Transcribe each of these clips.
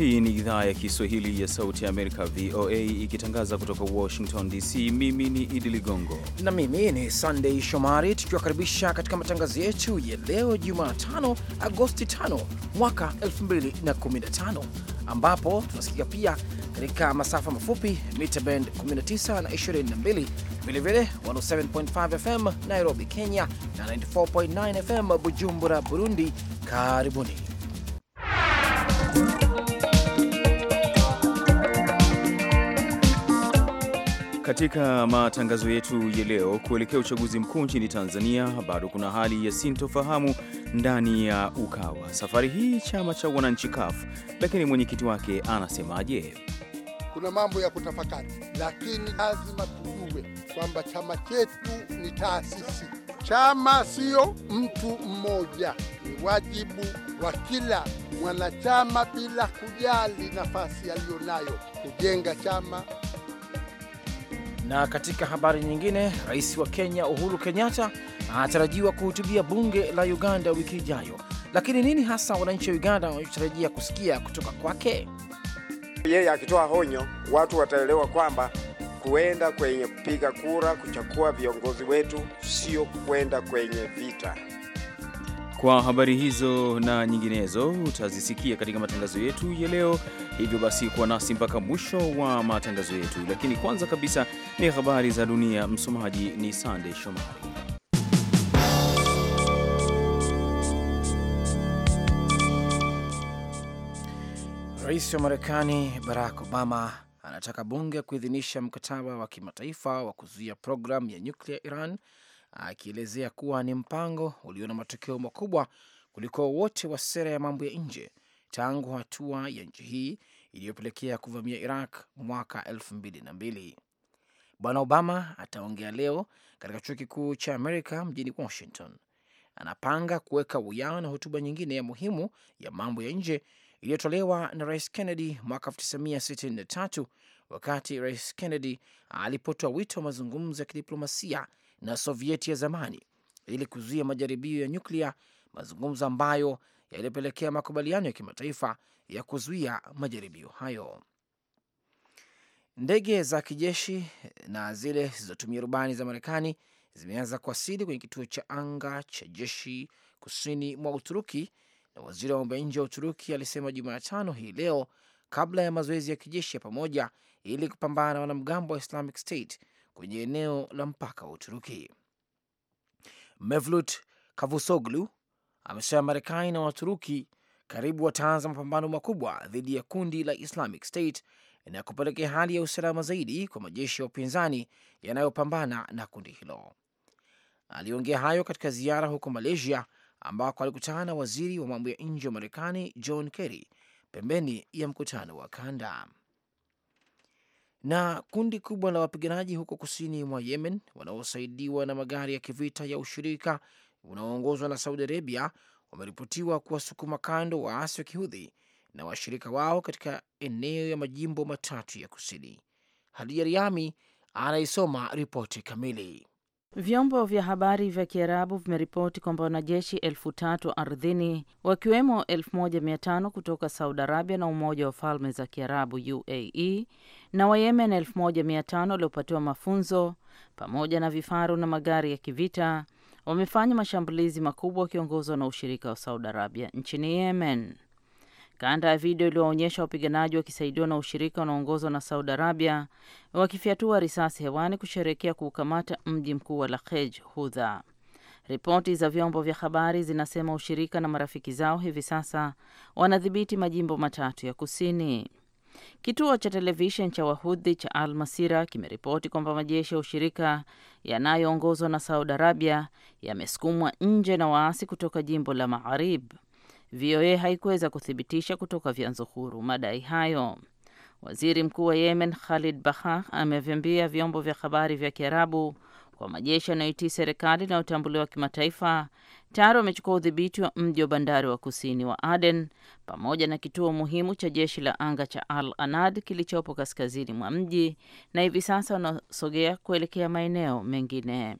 Hii ni idhaa ya Kiswahili ya Sauti ya Amerika, VOA, ikitangaza kutoka Washington DC. Mimi ni Idi Ligongo na mimi ni Sandei Shomari, tukiwakaribisha katika matangazo yetu ya leo Jumatano, Agosti 5 mwaka 2015, ambapo tunasikika pia katika masafa mafupi mita band 19 na 22, vilevile 107.5 FM Nairobi, Kenya na 94.9 FM Bujumbura, Burundi. Karibuni Katika matangazo yetu ya leo, kuelekea uchaguzi mkuu nchini Tanzania, bado kuna hali ya sintofahamu ndani ya Ukawa, safari hii chama cha wananchi CUF. Lakini mwenyekiti wake anasemaje? Kuna mambo ya kutafakari, lakini lazima tujue kwamba chama chetu ni taasisi. Chama siyo mtu mmoja. Ni wajibu wa kila mwanachama, bila kujali nafasi aliyonayo, kujenga chama na katika habari nyingine, rais wa Kenya Uhuru Kenyatta anatarajiwa kuhutubia bunge la Uganda wiki ijayo. Lakini nini hasa wananchi wa Uganda wanachotarajia kusikia kutoka kwake? Yeye akitoa honyo, watu wataelewa kwamba kuenda kwenye kupiga kura kuchagua viongozi wetu sio kwenda kwenye vita. Kwa habari hizo na nyinginezo utazisikia katika matangazo yetu ya leo Hivyo basi kuwa nasi mpaka mwisho wa matangazo yetu, lakini kwanza kabisa ni habari za dunia. Msomaji ni Sande Shomari. Rais wa Marekani Barack Obama anataka bunge kuidhinisha mkataba wa kimataifa wa kuzuia programu ya nyuklia Iran, akielezea kuwa ni mpango ulio na matokeo makubwa kuliko wote wa sera ya mambo ya nje tangu hatua ya nchi hii iliyopelekea kuvamia Iraq mwaka elfu mbili na mbili. Bwana Obama ataongea leo katika chuo kikuu cha Amerika mjini Washington. Anapanga kuweka uyao na hotuba nyingine ya muhimu ya mambo ya nje iliyotolewa na Rais Kennedy mwaka 1963 wakati Rais Kennedy alipotoa wito wa mazungumzo ya kidiplomasia na Sovieti ya zamani ili kuzuia majaribio ya nyuklia, mazungumzo ambayo yaliyopelekea makubaliano ya kimataifa ya kuzuia majaribio hayo. Ndege za kijeshi na zile zilizotumia rubani za Marekani zimeanza kuwasili kwenye kituo cha anga cha jeshi kusini mwa Uturuki, na waziri wa mambo ya nje wa Uturuki alisema Jumatano hii leo kabla ya mazoezi ya kijeshi ya pamoja ili kupambana na wanamgambo wa Islamic State kwenye eneo la mpaka wa Uturuki. Mevlut Kavusoglu amesema Marekani na Waturuki karibu wataanza mapambano makubwa dhidi ya kundi la Islamic State na kupelekea hali ya usalama zaidi kwa majeshi ya upinzani yanayopambana na kundi hilo. Aliongea hayo katika ziara huko Malaysia ambako alikutana na waziri wa mambo ya nje wa Marekani John Kerry pembeni ya mkutano wa kanda. Na kundi kubwa la wapiganaji huko kusini mwa Yemen wanaosaidiwa na magari ya kivita ya ushirika unaoongozwa na Saudi Arabia wameripotiwa kuwasukuma kando waasi wa kihudhi na washirika wao katika eneo ya majimbo matatu ya kusini. Hadija Riami anaisoma ripoti kamili. Vyombo vya habari vya Kiarabu vimeripoti kwamba wanajeshi elfu tatu ardhini wakiwemo elfu moja mia tano kutoka Saudi Arabia na Umoja wa Falme za Kiarabu UAE na Wayemen elfu moja mia tano waliopatiwa mafunzo pamoja na vifaru na magari ya kivita wamefanya mashambulizi makubwa wakiongozwa na ushirika wa Saudi Arabia nchini Yemen. Kanda ya video iliyoonyesha wapiganaji wakisaidiwa na ushirika unaoongozwa na Saudi Arabia wakifyatua risasi hewani kusherekea kuukamata mji mkuu wa lakhej Hudha. Ripoti za vyombo vya habari zinasema ushirika na marafiki zao hivi sasa wanadhibiti majimbo matatu ya kusini. Kituo cha televishen cha Wahudhi cha Al Masira kimeripoti kwamba majeshi ya ushirika yanayoongozwa na Saudi Arabia yamesukumwa nje na waasi kutoka jimbo la Maarib. VOA haikuweza kuthibitisha kutoka vyanzo huru madai hayo. Waziri Mkuu wa Yemen Khalid Baha amevyambia vyombo vya habari vya Kiarabu kwa majeshi yanayoitii serikali inayotambuliwa kimataifa Tayari wamechukua udhibiti wa mji wa bandari wa kusini wa Aden pamoja na kituo muhimu cha jeshi la anga cha Al Anad kilichopo kaskazini mwa mji na hivi sasa wanasogea kuelekea maeneo mengine.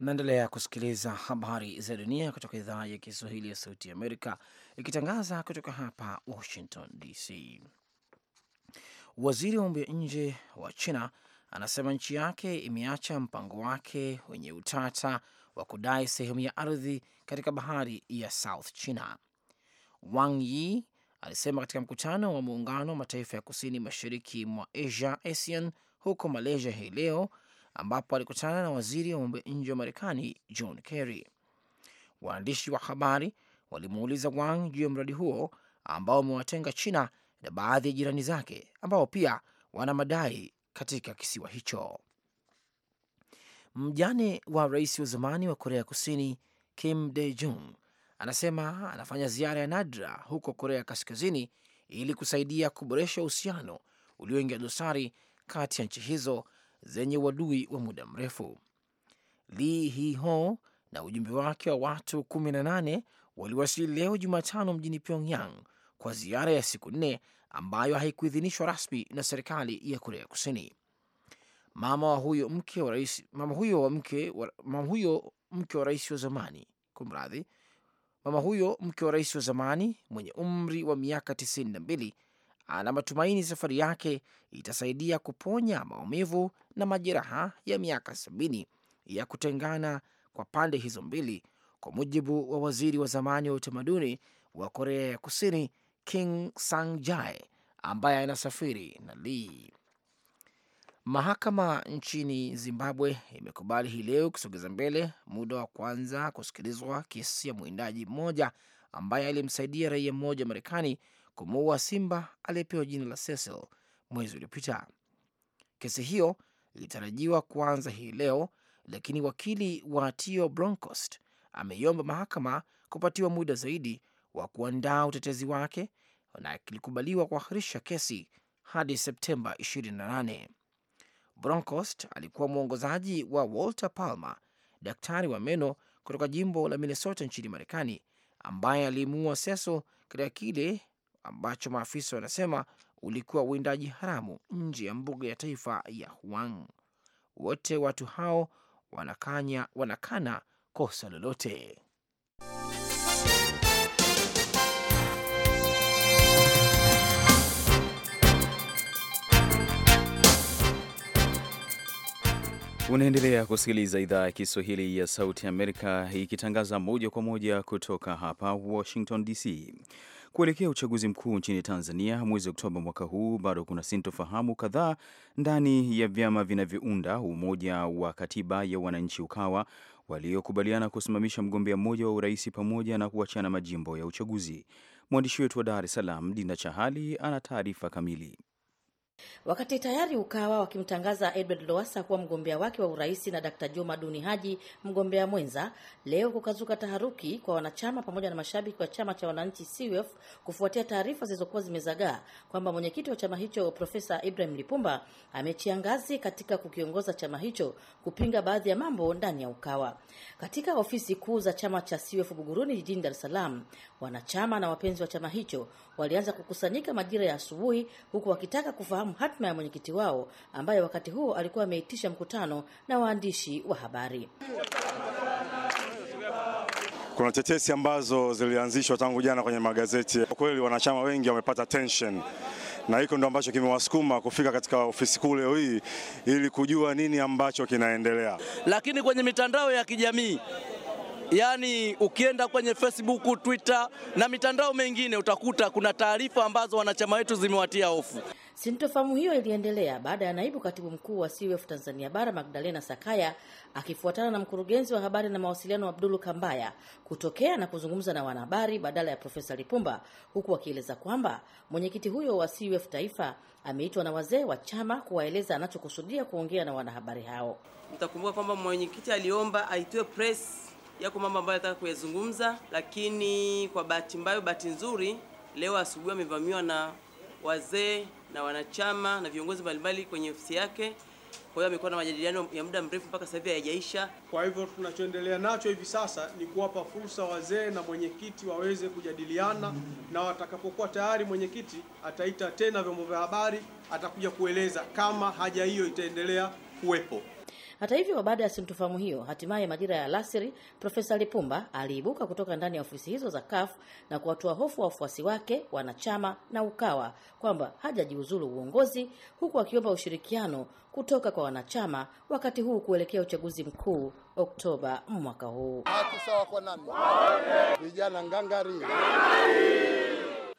Mnaendelea kusikiliza habari za dunia kutoka idhaa ya Kiswahili ya Sauti Amerika ikitangaza kutoka hapa Washington DC. Waziri wa mambo ya nje wa China anasema nchi yake imeacha mpango wake wenye utata wa kudai sehemu ya ardhi katika bahari ya South China. Wang Yi alisema katika mkutano wa muungano wa mataifa ya kusini mashariki mwa Asia ASEAN huko Malaysia hii leo ambapo alikutana na waziri wa mambo ya nje wa Marekani John Kerry. Waandishi wa habari walimuuliza Wang juu ya mradi huo ambao umewatenga China na baadhi ya jirani zake ambao pia wana madai katika kisiwa hicho. Mjane wa rais wa zamani wa Korea Kusini Kim De jung anasema anafanya ziara ya nadra huko Korea Kaskazini ili kusaidia kuboresha uhusiano ulioingia dosari kati ya nchi hizo zenye uadui wa muda mrefu. Lee Hee-ho na ujumbe wake wa watu 18 waliwasili leo Jumatano mjini Pyongyang kwa ziara ya siku nne ambayo haikuidhinishwa rasmi na serikali ya Korea Kusini mama wa huyo mke wa rais, mama huyo wa mke wa, mama huyo mke wa rais wa zamani, kumradhi, mama huyo mke wa rais wa zamani mwenye umri wa miaka tisini na mbili ana matumaini safari yake itasaidia kuponya maumivu na majeraha ya miaka sabini ya kutengana kwa pande hizo mbili, kwa mujibu wa waziri wa zamani wa utamaduni wa Korea ya Kusini King Sang Jae ambaye anasafiri na Lee. Mahakama nchini Zimbabwe imekubali hii leo kusogeza mbele muda wa kwanza kusikilizwa kesi ya mwindaji mmoja ambaye alimsaidia raia mmoja wa Marekani kumuua simba aliyepewa jina la Cecil mwezi uliopita. Kesi hiyo ilitarajiwa kuanza hii leo, lakini wakili wa Tio Broncost ameiomba mahakama kupatiwa muda zaidi wa kuandaa utetezi wake na kilikubaliwa kuahirisha kesi hadi Septemba 28. Bronkost alikuwa mwongozaji wa Walter Palmer, daktari wa meno kutoka jimbo la Minnesota nchini Marekani, ambaye alimuua Cecil katika kile ambacho maafisa wanasema ulikuwa uwindaji haramu nje ya mbuga ya taifa ya Huang. Wote watu hao wanakanya, wanakana kosa lolote. Unaendelea kusikiliza idhaa ya Kiswahili ya Sauti Amerika ikitangaza moja kwa moja kutoka hapa Washington DC. Kuelekea uchaguzi mkuu nchini Tanzania mwezi Oktoba mwaka huu, bado kuna sintofahamu kadhaa ndani ya vyama vinavyounda Umoja wa Katiba ya Wananchi UKAWA waliokubaliana kusimamisha mgombea mmoja wa urais pamoja na kuachana majimbo ya uchaguzi. Mwandishi wetu wa Dar es Salaam, Dina Chahali, ana taarifa kamili. Wakati tayari Ukawa wakimtangaza Edward loasa kuwa mgombea wake wa urais na Dkt Juma Duni Haji mgombea mwenza, leo kukazuka taharuki kwa wanachama pamoja na mashabiki wa chama cha wananchi CUF kufuatia taarifa zilizokuwa zimezagaa kwamba mwenyekiti wa chama hicho Profesa Ibrahim Lipumba ametia ngazi katika kukiongoza chama hicho kupinga baadhi ya mambo ndani ya Ukawa. Katika ofisi kuu za chama cha CUF Buguruni jijini Dar es Salaam, wanachama na wapenzi wa chama hicho walianza kukusanyika majira ya asubuhi, huku wakitaka kufahamu hatma ya mwenyekiti wao ambaye wakati huo alikuwa ameitisha mkutano na waandishi wa habari. Kuna tetesi ambazo zilianzishwa tangu jana kwenye magazeti. Kwa kweli wanachama wengi wamepata tension na hiko ndo ambacho kimewasukuma kufika katika ofisi kuu leo hii ili kujua nini ambacho kinaendelea, lakini kwenye mitandao ya kijamii Yaani ukienda kwenye Facebook, Twitter na mitandao mengine utakuta kuna taarifa ambazo wanachama wetu zimewatia hofu. Sintofahamu hiyo iliendelea baada ya naibu katibu mkuu wa CUF Tanzania Bara Magdalena Sakaya akifuatana na mkurugenzi wa habari na mawasiliano Abdulu Kambaya kutokea na kuzungumza na wanahabari badala ya Profesa Lipumba, huku akieleza kwamba mwenyekiti huyo wa CUF Taifa ameitwa na wazee wa chama kuwaeleza anachokusudia kuongea na wanahabari hao. Mtakumbuka kwamba mwenyekiti aliomba aitwe press yako mambo ambayo nataka kuyazungumza, lakini kwa bahati mbaya, bahati nzuri, leo asubuhi amevamiwa na wazee na wanachama na viongozi mbalimbali kwenye ofisi yake. Kwa hiyo amekuwa na majadiliano ya muda mrefu mpaka sasa hivi hayajaisha. Kwa hivyo tunachoendelea nacho hivi sasa ni kuwapa fursa wazee na mwenyekiti waweze kujadiliana, na watakapokuwa tayari, mwenyekiti ataita tena vyombo vya habari, atakuja kueleza kama haja hiyo itaendelea kuwepo. Hata hivyo, baada ya sintofahamu hiyo, hatimaye majira ya lasiri Profesa Lipumba aliibuka kutoka ndani ya ofisi hizo za CUF na kuwatoa hofu wa wafuasi wake, wanachama na UKAWA kwamba hajajiuzulu uongozi, huku akiomba ushirikiano kutoka kwa wanachama wakati huu kuelekea uchaguzi mkuu Oktoba mwaka huu. nani? Vijana ngangari.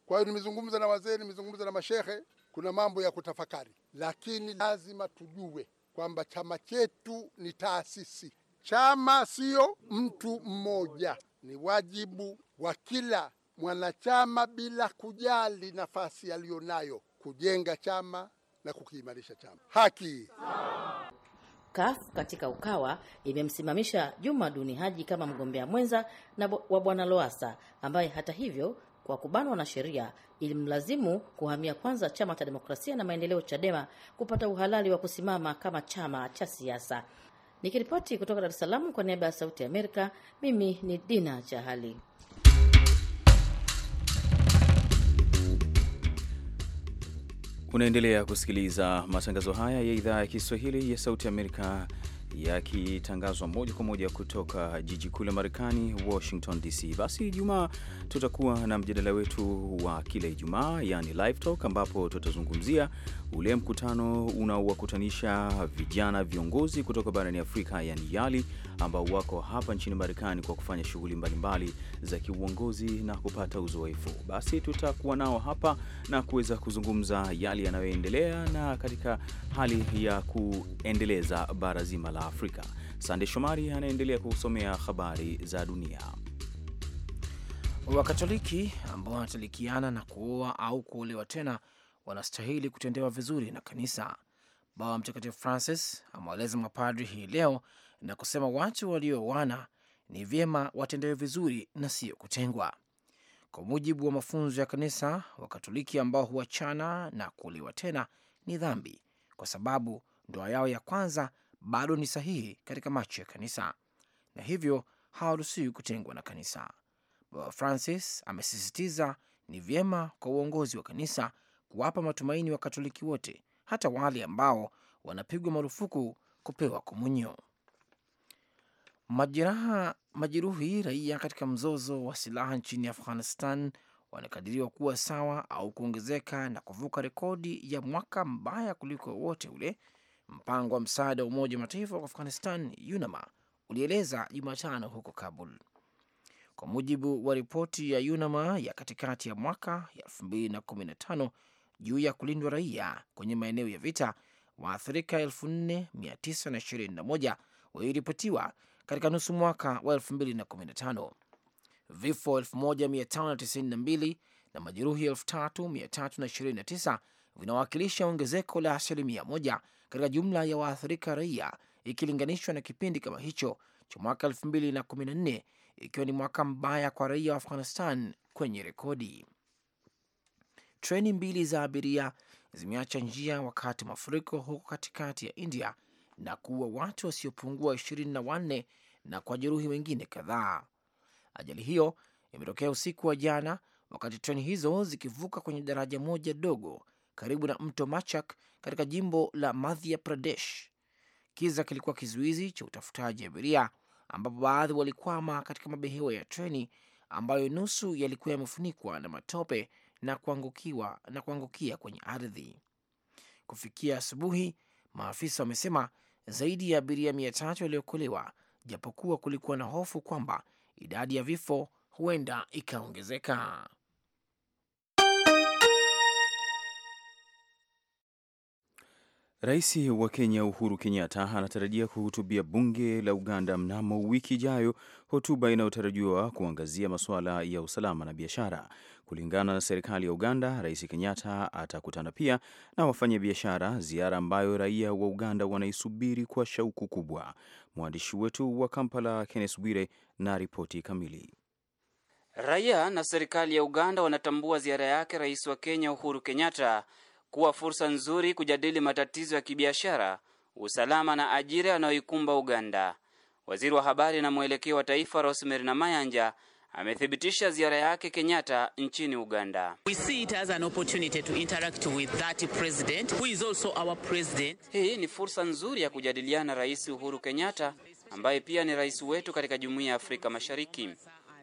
Kwa hiyo nimezungumza na wazee, nimezungumza na mashehe, kuna mambo ya kutafakari, lakini lazima tujue kwamba chama chetu ni taasisi. Chama sio mtu mmoja, ni wajibu wa kila mwanachama bila kujali nafasi aliyonayo kujenga chama na kukiimarisha chama. Haki CUF katika Ukawa imemsimamisha Juma Duni Haji kama mgombea mwenza na wa Bwana Loasa ambaye hata hivyo kwa kubanwa na sheria ilimlazimu kuhamia kwanza chama cha demokrasia na maendeleo Chadema kupata uhalali wa kusimama kama chama cha siasa. Nikiripoti kutoka Dar es Salaam kwa niaba ya Sauti ya Amerika, mimi ni Dina Chahali. Unaendelea kusikiliza matangazo haya ya idhaa ya Kiswahili ya Sauti ya Amerika yakitangazwa moja kwa moja kutoka jiji kuu la Marekani, Washington DC. Basi Ijumaa tutakuwa na mjadala wetu wa kila Ijumaa, yani live talk, ambapo tutazungumzia ule mkutano unaowakutanisha vijana viongozi kutoka barani Afrika, yani YALI ambao wako hapa nchini Marekani kwa kufanya shughuli mbalimbali za kiuongozi na kupata uzoefu. Basi tutakuwa nao hapa na kuweza kuzungumza yale yanayoendelea na katika hali ya kuendeleza bara zima la Afrika. Sande Shomari anaendelea kusomea habari za dunia. Wakatoliki ambao wanatalikiana na kuoa au kuolewa tena wanastahili kutendewa vizuri na kanisa. Baba Mtakatifu Francis amewaeleza mapadri hii leo na kusema watu walioana ni vyema watendewe vizuri na sio kutengwa. Kwa mujibu wa mafunzo ya kanisa, Wakatoliki ambao huachana na kuolewa tena ni dhambi, kwa sababu ndoa yao ya kwanza bado ni sahihi katika macho ya kanisa, na hivyo hawaruhusiwi kutengwa na kanisa. Baba Francis amesisitiza ni vyema kwa uongozi wa kanisa kuwapa matumaini Wakatoliki wote, hata wale ambao wanapigwa marufuku kupewa komunyo. Majeraha majeruhi raia katika mzozo wa silaha nchini Afghanistan wanakadiriwa kuwa sawa au kuongezeka na kuvuka rekodi ya mwaka mbaya kuliko wote ule, mpango wa msaada wa Umoja wa Mataifa wa Afghanistan unama ulieleza Jumatano huko Kabul, kwa mujibu wa ripoti ya YUNAMA ya katikati ya mwaka ya 2015 juu ya kulindwa raia kwenye maeneo ya vita. Waathirika 4921 waliripotiwa katika nusu mwaka wa 2015. Vifo 1592 na majeruhi 3329 vinawakilisha ongezeko la asilimia moja katika jumla ya waathirika raia ikilinganishwa na kipindi kama hicho cha mwaka 2014, ikiwa ni mwaka mbaya kwa raia wa Afghanistan kwenye rekodi. Treni mbili za abiria zimeacha njia wakati mafuriko huko katikati ya India na kuua watu wasiopungua ishirini na wanne na kwa jeruhi wengine kadhaa. Ajali hiyo imetokea usiku wa jana wakati treni hizo zikivuka kwenye daraja moja dogo karibu na mto Machak katika jimbo la Madhya Pradesh. Kiza kilikuwa kizuizi cha utafutaji abiria, ambapo baadhi walikwama katika mabehewa ya treni ambayo nusu yalikuwa yamefunikwa na matope na kuangukiwa na kuangukia kwenye ardhi. Kufikia asubuhi, maafisa wamesema zaidi ya abiria mia tatu waliokolewa, japokuwa kulikuwa na hofu kwamba idadi ya vifo huenda ikaongezeka. Rais wa Kenya Uhuru Kenyatta anatarajia kuhutubia bunge la Uganda mnamo wiki ijayo, hotuba inayotarajiwa kuangazia masuala ya usalama na biashara. Kulingana na serikali ya Uganda, Rais Kenyatta atakutana pia na wafanyabiashara, ziara ambayo raia wa Uganda wanaisubiri kwa shauku kubwa. Mwandishi wetu wa Kampala, Kenneth Bwire, na ripoti kamili. Raia na serikali ya Uganda wanatambua ziara yake rais wa Kenya Uhuru Kenyatta kuwa fursa nzuri kujadili matatizo ya kibiashara, usalama na ajira yanayoikumba Uganda. Waziri wa habari na mwelekeo wa taifa Rosemary Namayanja amethibitisha ziara yake Kenyatta nchini Uganda. We see it as an opportunity to interact with that president who is also our president. Hii ni fursa nzuri ya kujadiliana Rais Uhuru Kenyatta ambaye pia ni rais wetu katika Jumuiya ya Afrika Mashariki.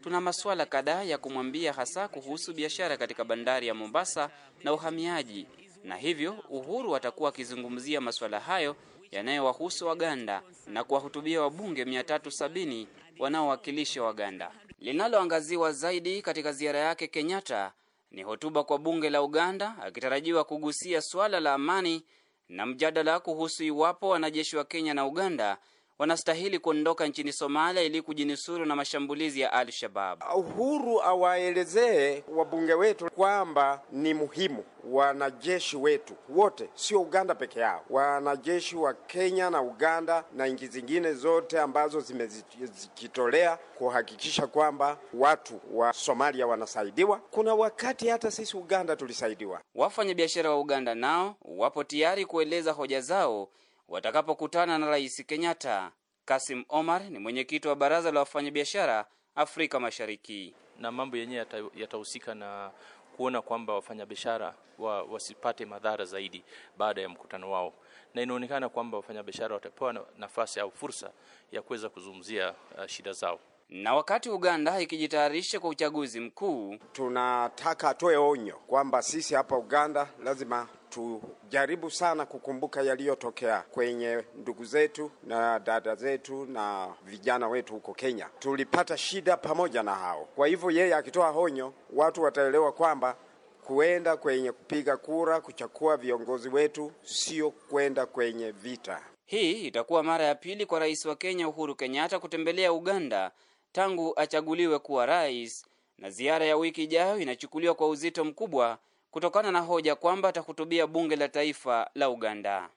Tuna masuala kadhaa ya kumwambia hasa kuhusu biashara katika bandari ya Mombasa na uhamiaji. Na hivyo Uhuru atakuwa akizungumzia masuala hayo yanayowahusu Waganda na kuwahutubia wabunge 370 wanaowakilisha Waganda. Linaloangaziwa zaidi katika ziara yake Kenyatta ni hotuba kwa bunge la Uganda, akitarajiwa kugusia suala la amani na mjadala kuhusu iwapo wanajeshi wa Kenya na Uganda wanastahili kuondoka nchini Somalia ili kujinusuru na mashambulizi ya Al-Shabab. Uhuru awaelezee wabunge wetu kwamba ni muhimu wanajeshi wetu wote, sio Uganda peke yao, wanajeshi wa Kenya na Uganda na nchi zingine zote ambazo zimejitolea kuhakikisha kwamba watu wa Somalia wanasaidiwa. Kuna wakati hata sisi Uganda tulisaidiwa. Wafanyabiashara wa Uganda nao wapo tayari kueleza hoja zao watakapokutana na Rais Kenyatta. Kasim Omar ni mwenyekiti wa baraza la wafanyabiashara Afrika Mashariki. Na mambo yenyewe yatahusika yata na kuona kwamba wafanyabiashara wa, wasipate madhara zaidi baada ya mkutano wao, na inaonekana kwamba wafanyabiashara watapewa nafasi au fursa ya kuweza kuzungumzia uh, shida zao. Na wakati Uganda ikijitayarisha kwa uchaguzi mkuu, tunataka atoe onyo kwamba sisi hapa Uganda lazima tujaribu sana kukumbuka yaliyotokea kwenye ndugu zetu na dada zetu na vijana wetu huko Kenya. Tulipata shida pamoja na hao. Kwa hivyo, yeye akitoa honyo, watu wataelewa kwamba kuenda kwenye kupiga kura kuchakua viongozi wetu sio kwenda kwenye vita. Hii itakuwa mara ya pili kwa rais wa Kenya Uhuru Kenyatta kutembelea Uganda tangu achaguliwe kuwa rais, na ziara ya wiki ijayo inachukuliwa kwa uzito mkubwa kutokana na hoja kwamba atahutubia bunge la taifa la Uganda.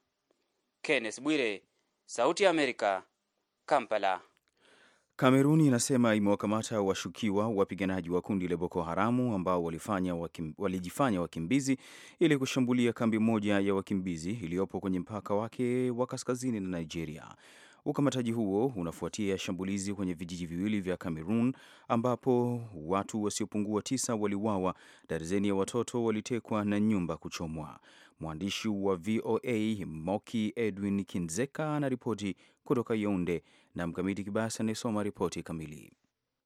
Kenneth Bwire, Sauti ya Amerika, Kampala. Kameruni inasema imewakamata washukiwa wapiganaji wa kundi la Boko Haramu ambao walifanya wakim, walijifanya wakimbizi ili kushambulia kambi moja ya wakimbizi iliyopo kwenye mpaka wake wa kaskazini na Nigeria. Ukamataji huo unafuatia shambulizi kwenye vijiji viwili vya Cameroon ambapo watu wasiopungua tisa waliuawa, darzeni ya watoto walitekwa na nyumba kuchomwa. Mwandishi wa VOA Moki Edwin Kinzeka anaripoti kutoka Younde na Mkamiti Kibasa anayesoma ripoti kamili.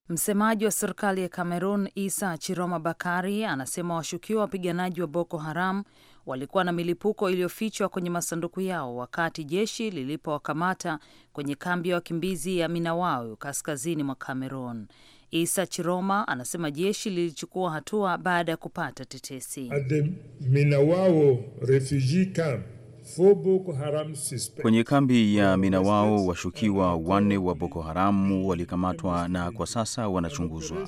Msemaji wa serikali ya Cameroon Isa Chiroma Bakari anasema washukiwa wapiganaji wa Boko Haram walikuwa na milipuko iliyofichwa kwenye masanduku yao wakati jeshi lilipowakamata kwenye kambi ya wakimbizi ya Minawau kaskazini mwa Cameroon. Isa Chiroma anasema jeshi lilichukua hatua baada ya kupata tetesi. Kwenye kambi ya Minawao washukiwa wanne wa Boko Haramu walikamatwa na kwa sasa wanachunguzwa.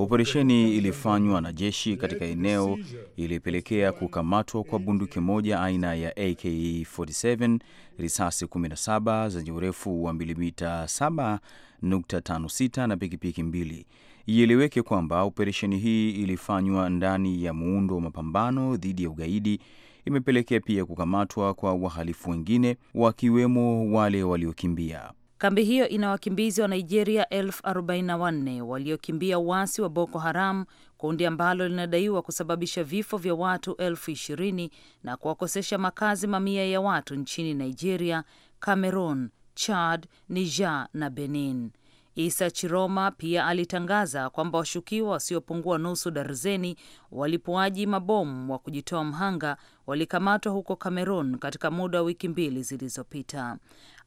Operesheni ilifanywa na jeshi katika eneo ilipelekea kukamatwa kwa bunduki moja aina ya AK47, e risasi 17 zenye urefu wa milimita 7.56 na pikipiki mbili. Ieleweke kwamba operesheni hii ilifanywa ndani ya muundo wa mapambano dhidi ya ugaidi. Imepelekea pia kukamatwa kwa wahalifu wengine wakiwemo wale waliokimbia. Kambi hiyo ina wakimbizi wa Nigeria 44 waliokimbia uasi wa Boko Haram, kundi ambalo linadaiwa kusababisha vifo vya watu 20 na kuwakosesha makazi mamia ya watu nchini Nigeria, Cameroon, Chad, Niger na Benin. Isa Chiroma pia alitangaza kwamba washukiwa wasiopungua nusu darzeni walipuaji mabomu wa kujitoa mhanga walikamatwa huko Cameroon katika muda wa wiki mbili zilizopita.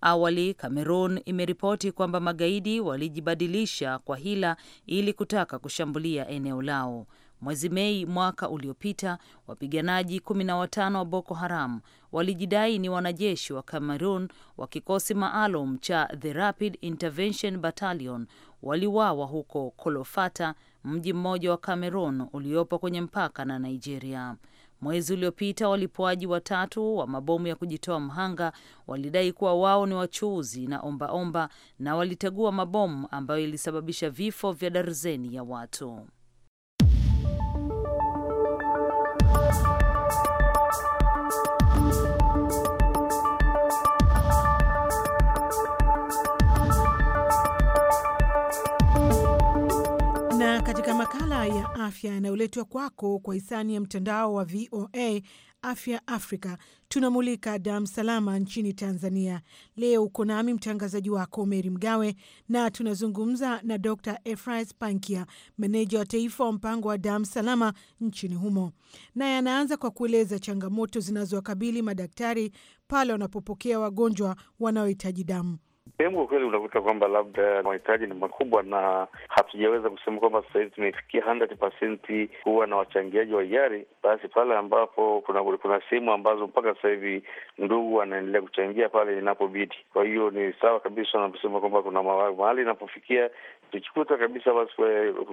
Awali Cameroon imeripoti kwamba magaidi walijibadilisha kwa hila ili kutaka kushambulia eneo lao. Mwezi Mei mwaka uliopita, wapiganaji kumi na watano wa Boko Haram walijidai ni wanajeshi wa Cameroon wa kikosi maalum cha The Rapid Intervention Battalion waliwawa huko Kolofata, mji mmoja wa Cameroon uliopo kwenye mpaka na Nigeria. Mwezi uliopita walipuaji watatu wa mabomu ya kujitoa mhanga walidai kuwa wao ni wachuuzi na ombaomba omba, na walitegua mabomu ambayo ilisababisha vifo vya darzeni ya watu. afya yanayoletwa kwako kwa hisani ya mtandao wa VOA Afya Afrika. Tunamulika damu salama nchini Tanzania. Leo uko nami mtangazaji wako Meri Mgawe, na tunazungumza na Dr Efrais Pankia, meneja wa taifa wa mpango wa damu salama nchini humo, naye anaanza kwa kueleza changamoto zinazowakabili madaktari pale wanapopokea wagonjwa wanaohitaji damu sehemu kwa kweli unakuta kwamba labda mahitaji ni makubwa, na hatujaweza kusema kwamba sasa hivi tumefikia hundred kuwa na wachangiaji wa hiari. Basi pale ambapo kuna kuna sehemu ambazo mpaka sasa hivi ndugu anaendelea kuchangia pale inapobidi. Kwa hiyo ni sawa kabisa unaposema kwamba kuna mahali inapofikia tukikuta kabisa basi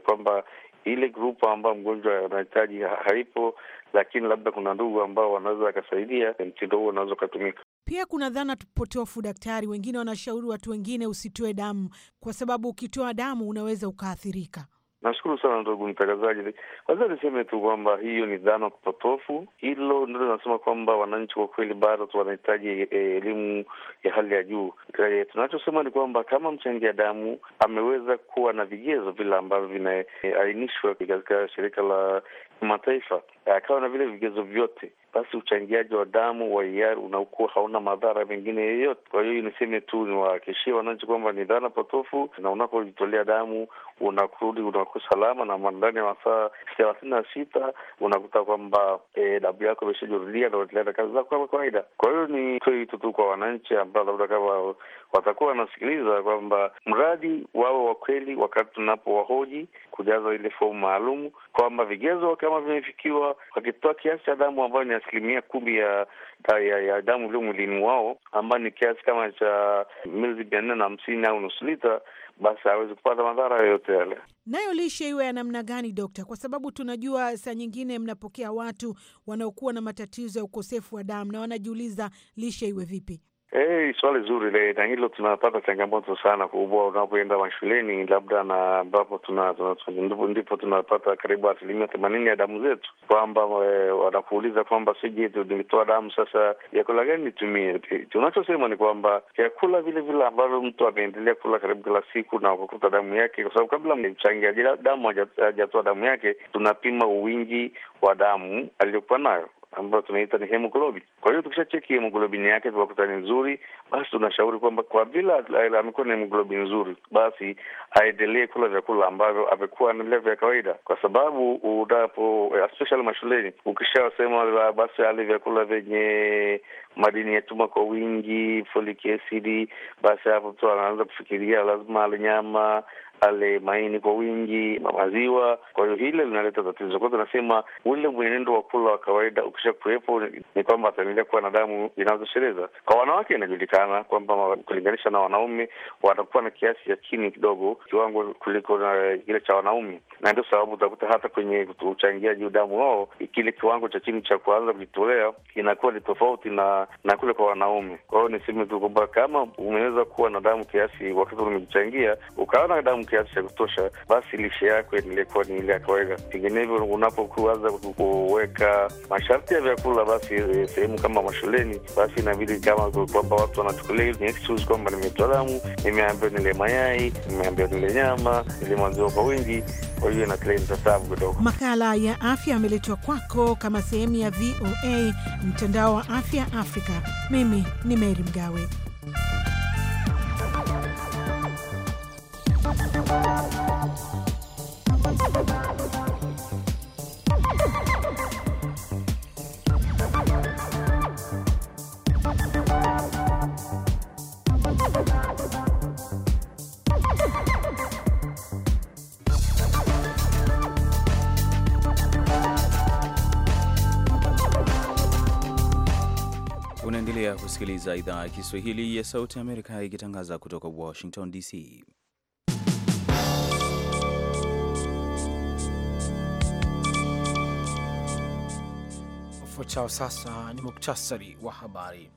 kwamba ile grupu ambayo mgonjwa anahitaji haipo, lakini labda kuna ndugu ambao wanaweza akasaidia, mtindo huo unaweza ukatumika. Pia kuna dhana potofu, daktari. Wengine wanashauri watu wengine usitoe damu, kwa sababu ukitoa damu unaweza ukaathirika. Nashukuru sana ndugu mtangazaji. Kwanza niseme tu kwamba hiyo ni dhana potofu, hilo ndio nasema kwamba wananchi kwa kweli bado wanahitaji eh, elimu ya hali ya juu. E, tunachosema ni kwamba kama mchangia damu ameweza kuwa na vigezo vile ambavyo vinaainishwa eh, katika shirika la kimataifa akawa na vile vigezo vyote, basi uchangiaji wa damu wa hiari unakuwa hauna madhara mengine yeyote. Kwa hiyo niseme tu, niwahakikishie wananchi kwamba ni dhana potofu, na unapojitolea damu unakurudi unakuwa salama, na ndani ya masaa thelathini na sita unakuta kwamba e, damu yako imeshajurudia na unaendelea na kazi zako kama kawaida. Kwa hiyo ni wito tu kwa wananchi ambao labda kama watakuwa wanasikiliza kwamba mradi wawe wa kweli wakati tunapowahoji kujaza ile fomu maalum kwamba vigezo kama vimefikiwa, wakitoa kiasi cha damu ambayo ni asilimia kumi ya, ya, ya damu iliyo mwilini wao ambayo ni kiasi kama cha milzi mia nne na hamsini au nusu lita, basi hawezi kupata madhara yoyote yale. Nayo lishe iwe ya namna gani, Dokta? Kwa sababu tunajua saa nyingine mnapokea watu wanaokuwa na matatizo ya ukosefu wa damu na wanajiuliza lishe iwe vipi? Hey, eh, swali zuri le, na hilo tunapata changamoto sana kubwa unapoenda mashuleni labda na ambapo tuna, tuna, tuna, ndipo tunapata karibu asilimia themanini ya damu zetu, kwamba eh, wanakuuliza kwamba sije nilitoa damu, sasa vyakula gani nitumie? Tunachosema ni kwamba vyakula vile vile ambavyo mtu ameendelea kula karibu kila siku na wakakuta damu yake, kwa sababu kabla mchangia damu hajatoa damu yake tunapima uwingi wa damu aliyokuwa nayo ambayo tunaita ni hemoglobin. Kwa hiyo tukisha cheki hemoglobin yake tukakuta ni nzuri, basi tunashauri kwamba kwa vile amekuwa na hemoglobin nzuri, basi aendelee kula vyakula ambavyo amekuwa anavila vya kawaida, kwa sababu unapo especially mashuleni, ukishasema basi ale vyakula vyenye madini ya chuma kwa wingi, folic acid, basi hapo mtu anaanza kufikiria lazima ale nyama ale maini kwa wingi na maziwa. Kwa hiyo hilo linaleta tatizo. Kwa hiyo tunasema ule mwenendo wa kula wa kawaida ukisha kuwepo, ni kwamba ataendelea kuwa na damu inazosheleza. Kwa wanawake inajulikana kwamba kulinganisha na wanaume watakuwa na kiasi cha chini kidogo kiwango kuliko na kile cha wanaume, na ndio sababu utakuta hata kwenye uchangiaji damu wao kile kiwango cha chini cha kuanza kujitolea kinakuwa ni tofauti na na kule kwa wanaume. Kwa hiyo niseme tu kwamba kama umeweza kuwa na damu kiasi wakati umejichangia ukaona damu kiasi cha kutosha, basi lishe yako endelee kuwa ni ile ya kawaida. Vinginevyo, unapokuanza kuweka masharti ya vyakula, basi e, sehemu kama mashuleni, basi inabidi kama kwamba watu wanachukulia hizi excuse kwamba nimetoa damu, nimeambiwa nile mayai, nimeambiwa nile nyama, nile maziwa kwa wingi. kidogo. Makala ya afya ameletwa kwako kama sehemu ya VOA mtandao wa afya Afrika. Mimi ni Meri Mgawe. kusikiliza idhaa ya Kiswahili ya Sauti ya Amerika ikitangaza kutoka Washington DC. Ufuatao sasa ni muktasari wa habari.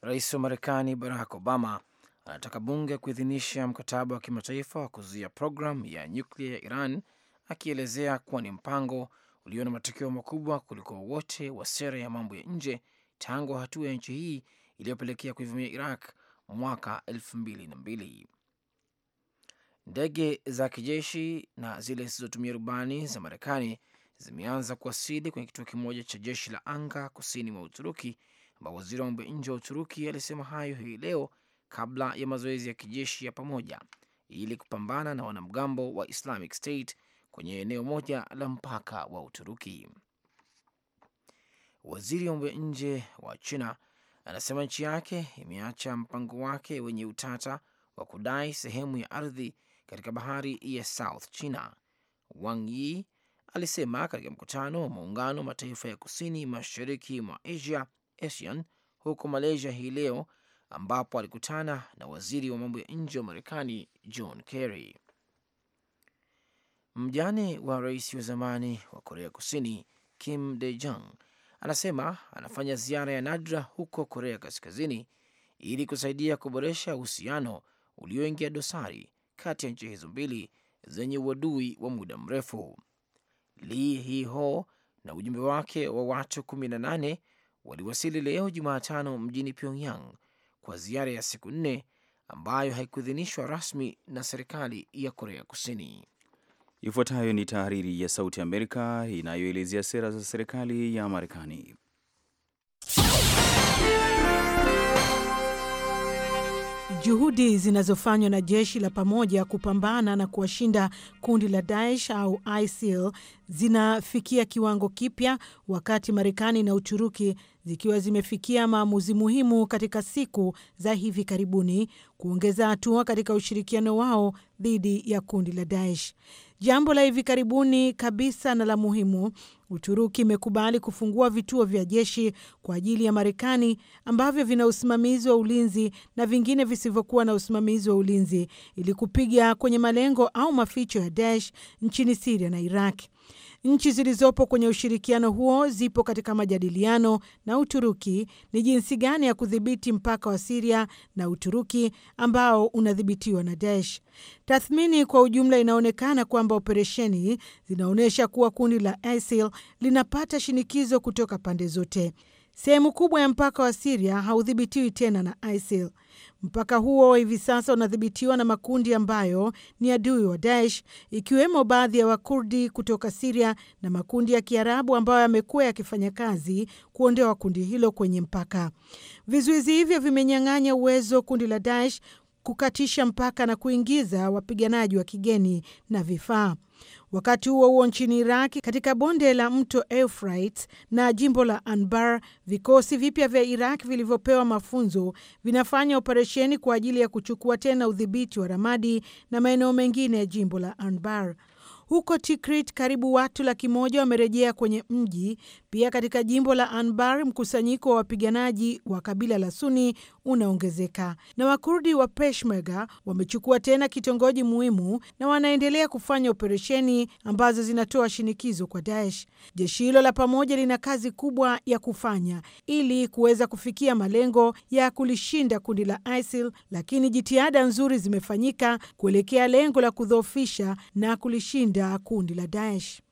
Rais wa Marekani Barack Obama anataka bunge kuidhinisha mkataba wa kimataifa wa kuzuia programu ya nyuklia ya Iran, akielezea kuwa ni mpango ulio na matokeo makubwa kuliko wowote wa sera ya mambo ya nje tangu hatua ya nchi hii iliyopelekea kuivamia Iraq mwaka elfu mbili na mbili. Ndege za kijeshi na zile zisizotumia rubani za Marekani zimeanza kuwasili kwenye kituo kimoja cha jeshi la anga kusini mwa Uturuki, ambao waziri wa mambo ya nje wa Uturuki alisema hayo hii leo kabla ya mazoezi ya kijeshi ya pamoja ili kupambana na wanamgambo wa Islamic State kwenye eneo moja la mpaka wa Uturuki. Waziri wa mambo ya nje wa China anasema nchi yake imeacha mpango wake wenye utata wa kudai sehemu ya ardhi katika bahari ya South China. Wang Yi alisema katika mkutano wa muungano wa mataifa ya kusini mashariki mwa Asia ASEAN huko Malaysia hii leo ambapo alikutana na waziri wa mambo ya nje wa Marekani John Kerry. Mjane wa rais wa zamani wa Korea Kusini Kim De Jong Anasema anafanya ziara ya nadra huko Korea Kaskazini ili kusaidia kuboresha uhusiano ulioingia dosari kati ya nchi hizo mbili zenye uadui wa muda mrefu. Lee Hee-ho na ujumbe wake wa watu 18 waliwasili leo Jumatano mjini Pyongyang kwa ziara ya siku nne ambayo haikuidhinishwa rasmi na serikali ya Korea Kusini. Ifuatayo ni tahariri ya Sauti Amerika inayoelezea sera za serikali ya Marekani. Juhudi zinazofanywa na jeshi la pamoja kupambana na kuwashinda kundi la Daesh au ISIL zinafikia kiwango kipya wakati Marekani na Uturuki zikiwa zimefikia maamuzi muhimu katika siku za hivi karibuni kuongeza hatua katika ushirikiano wao dhidi ya kundi la Daesh. Jambo la hivi karibuni kabisa na la muhimu, Uturuki imekubali kufungua vituo vya jeshi kwa ajili ya Marekani ambavyo vina usimamizi wa ulinzi na vingine visivyokuwa na usimamizi wa ulinzi ili kupiga kwenye malengo au maficho ya Daesh nchini Siria na Iraq. Nchi zilizopo kwenye ushirikiano huo zipo katika majadiliano na Uturuki ni jinsi gani ya kudhibiti mpaka wa Siria na Uturuki ambao unadhibitiwa na Daesh. Tathmini kwa ujumla inaonekana kwamba operesheni zinaonyesha kuwa kundi la ISIL linapata shinikizo kutoka pande zote. Sehemu kubwa ya mpaka wa Siria haudhibitiwi tena na ISIL. Mpaka huo hivi sasa unadhibitiwa na makundi ambayo ni adui wa Daesh, ikiwemo baadhi ya Wakurdi kutoka Siria na makundi ya Kiarabu ambayo yamekuwa yakifanya kazi kuondoa kundi hilo kwenye mpaka. Vizuizi hivyo vimenyang'anya uwezo kundi la Daesh kukatisha mpaka na kuingiza wapiganaji wa kigeni na vifaa. Wakati huo huo, nchini Iraki, katika bonde la mto Euphrates na jimbo la Anbar, vikosi vipya vya Iraq vilivyopewa mafunzo vinafanya operesheni kwa ajili ya kuchukua tena udhibiti wa Ramadi na maeneo mengine ya jimbo la Anbar. Huko Tikrit, karibu watu laki moja wamerejea kwenye mji pia katika jimbo la Anbar, mkusanyiko wa wapiganaji wa kabila la Suni unaongezeka na Wakurdi wa Peshmerga wamechukua tena kitongoji muhimu na wanaendelea kufanya operesheni ambazo zinatoa shinikizo kwa Daesh. Jeshi hilo la pamoja lina kazi kubwa ya kufanya ili kuweza kufikia malengo ya kulishinda kundi la ISIL, lakini jitihada nzuri zimefanyika kuelekea lengo la kudhoofisha na kulishinda kundi la Daesh.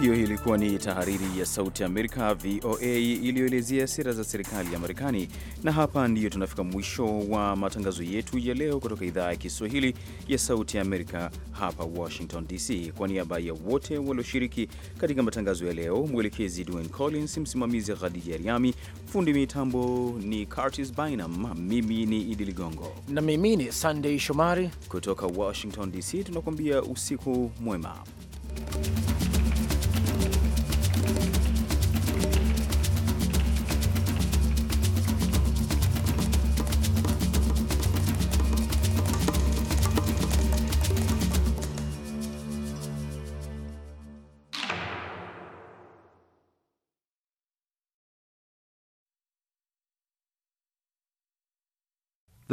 Hiyo ilikuwa ni tahariri ya Sauti ya Amerika, VOA, iliyoelezea sera za serikali ya Marekani. Na hapa ndiyo tunafika mwisho wa matangazo yetu ya leo kutoka idhaa ya Kiswahili ya Sauti ya Amerika hapa Washington DC. Kwa niaba ya wote walioshiriki katika matangazo ya leo, mwelekezi Dwayne Collins, msimamizi Khadija Riami, fundi mitambo ni Curtis Bynum, mimi ni Idi Ligongo na mimi ni Sandey Shomari kutoka Washington DC, tunakuambia usiku mwema.